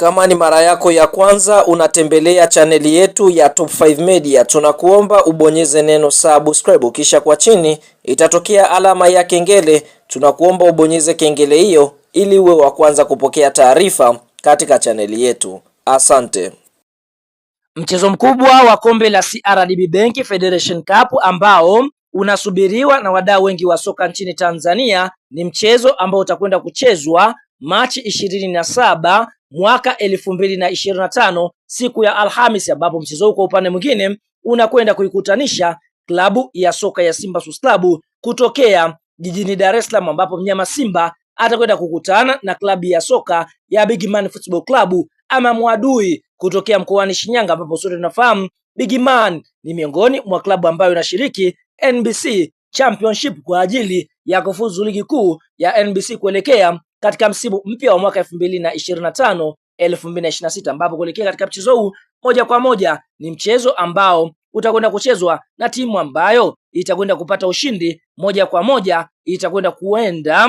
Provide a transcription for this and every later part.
Kama ni mara yako ya kwanza unatembelea chaneli yetu ya Top 5 Media, tunakuomba ubonyeze neno subscribe, kisha kwa chini itatokea alama ya kengele. Tunakuomba ubonyeze kengele hiyo ili uwe wa kwanza kupokea taarifa katika chaneli yetu. Asante. Mchezo mkubwa wa kombe la CRDB Bank Federation Cup ambao unasubiriwa na wadau wengi wa soka nchini Tanzania ni mchezo ambao utakwenda kuchezwa Machi ishirini na saba mwaka elfu mbili na ishirini na tano siku ya Alhamis, ambapo mchezo huu kwa upande mwingine unakwenda kuikutanisha klabu ya soka ya Simba Sports Club kutokea jijini Dar es Salaam, ambapo mnyama Simba atakwenda kukutana na klabu ya soka ya Big Man Football Club ama Mwadui kutokea mkoani Shinyanga, ambapo sote tunafahamu Big Man ni miongoni mwa klabu ambayo inashiriki NBC Championship kwa ajili ya kufuzu ligi kuu ya NBC kuelekea katika msimu mpya wa mwaka 2025 2026, ambapo kuelekea katika mchezo huu moja kwa moja ni mchezo ambao utakwenda kuchezwa na timu ambayo itakwenda kupata ushindi moja kwa moja itakwenda kuenda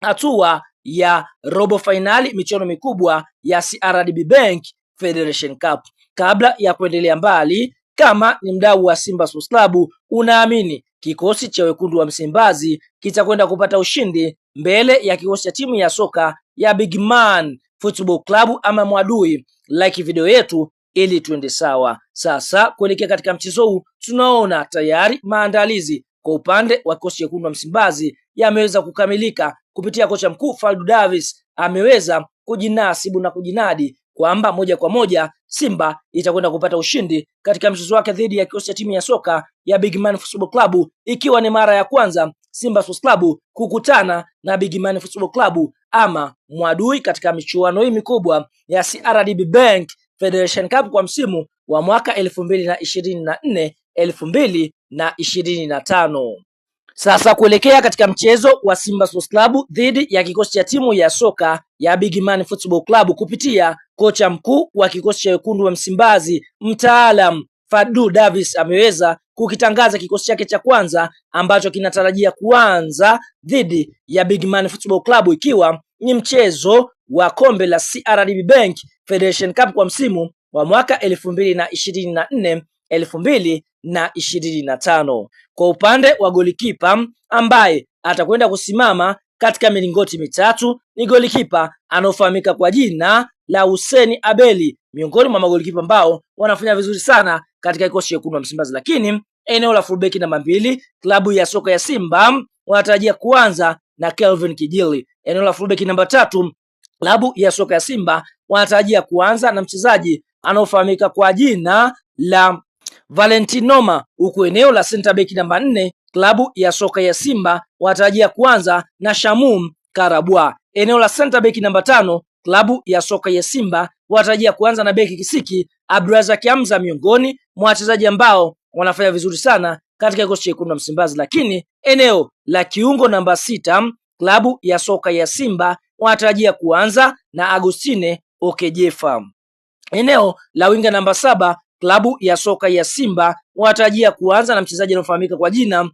hatua ya robo fainali michuano mikubwa ya CRDB Bank Federation Cup. Kabla ya kuendelea mbali, kama ni mdau wa Simba Sports Club, unaamini kikosi cha wekundu wa Msimbazi kitakwenda kupata ushindi mbele ya kikosi cha timu ya soka ya Big Man Football Club ama Mwadui. Like video yetu ili tuende sawa. Sasa kuelekea katika mchezo huu, tunaona tayari maandalizi kwa upande wa kikosi chekundu wa Msimbazi yameweza kukamilika kupitia kocha mkuu Faldu Davis, ameweza kujinasibu na kujinadi kwamba moja kwa moja Simba itakwenda kupata ushindi katika mchezo wake dhidi ya kikosi cha timu ya soka ya Big Man Football Club, ikiwa ni mara ya kwanza Simba Sports Club kukutana na Big Man Football Club ama Mwadui katika michuano hii mikubwa ya CRDB Bank Federation Cup kwa msimu wa mwaka 2024 2025. Sasa kuelekea katika mchezo wa Simba Sports Club dhidi ya kikosi cha timu ya soka ya Big Man Football Club kupitia kocha mkuu wa kikosi cha wekundu wa Msimbazi, mtaalam Fadlu Davis ameweza kukitangaza kikosi chake cha kwanza ambacho kinatarajia kuanza dhidi ya Big Man Football Club ikiwa ni mchezo wa kombe la CRDB Bank Federation Cup kwa msimu wa mwaka elfu mbili na ishirini na nne elfu mbili na ishirini na tano. Kwa upande wa golikipa ambaye atakwenda kusimama katika milingoti mitatu ni golikipa anaofahamika kwa jina la Hussein Abeli, miongoni mwa magolikipa ambao wanafanya vizuri sana katika kikosi chekundu wa Msimbazi, lakini eneo la fullback namba mbili klabu ya soka ya Simba wanatarajia kuanza na Kelvin Kijili. Eneo la fullback namba tatu klabu ya soka ya Simba wanatarajia kuanza na mchezaji anaofahamika kwa jina la Valentinoma, huku eneo la center back namba nne klabu ya soka ya Simba wanatarajia kuanza na Shamum Karabwa. Eneo la center back namba tano klabu ya soka ya Simba watarajia kuanza na beki kisiki Abdulrazak Hamza, miongoni mwa wachezaji ambao wanafanya vizuri sana katika kikosi chekundu na Msimbazi, lakini eneo la kiungo namba sita klabu ya soka ya Simba wanatarajia kuanza na Agustine Okejefa. Eneo la winga namba saba klabu ya soka ya Simba wanatarajia kuanza na mchezaji anayofahamika kwa jina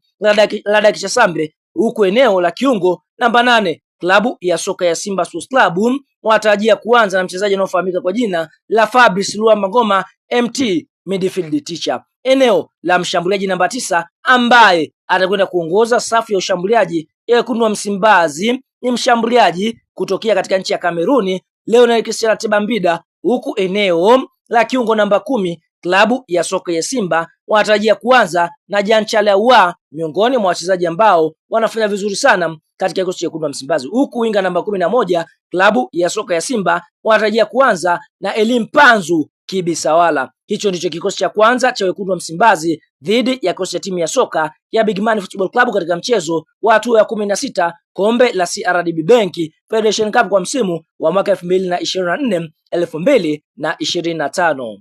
la Dakisha Sambe, huku eneo la kiungo namba nane klabu ya soka ya Simba Sports Club wanatarajia kuanza na mchezaji anaofahamika kwa jina la Fabrice Luamba Ngoma MT midfield teacher, eneo la mshambuliaji namba tisa ambaye atakwenda kuongoza safu ya ushambuliaji ya wekundu wa Msimbazi. Ni mshambuliaji kutokea katika nchi ya Kameruni, Leonel Christian Tebambida, huku eneo la kiungo namba kumi klabu ya soka ya Simba wanatarajia kuanza na Jan Chale Ahoua, miongoni mwa wachezaji ambao wanafanya vizuri sana katika kikosi cha kundwa Msimbazi, huku winga namba kumi na moja klabu ya soka ya Simba wanatarajia kuanza na Elim Panzu Kibisawala. Hicho ndicho kikosi cha kwanza cha Wekundu wa Msimbazi dhidi ya kikosi cha timu ya soka ya Big Man Football Club katika mchezo wa hatua ya kumi na sita kombe la CRDB Bank Federation Cup kwa msimu wa mwaka elfu mbili na ishirini na nne elfu mbili na ishirini na tano.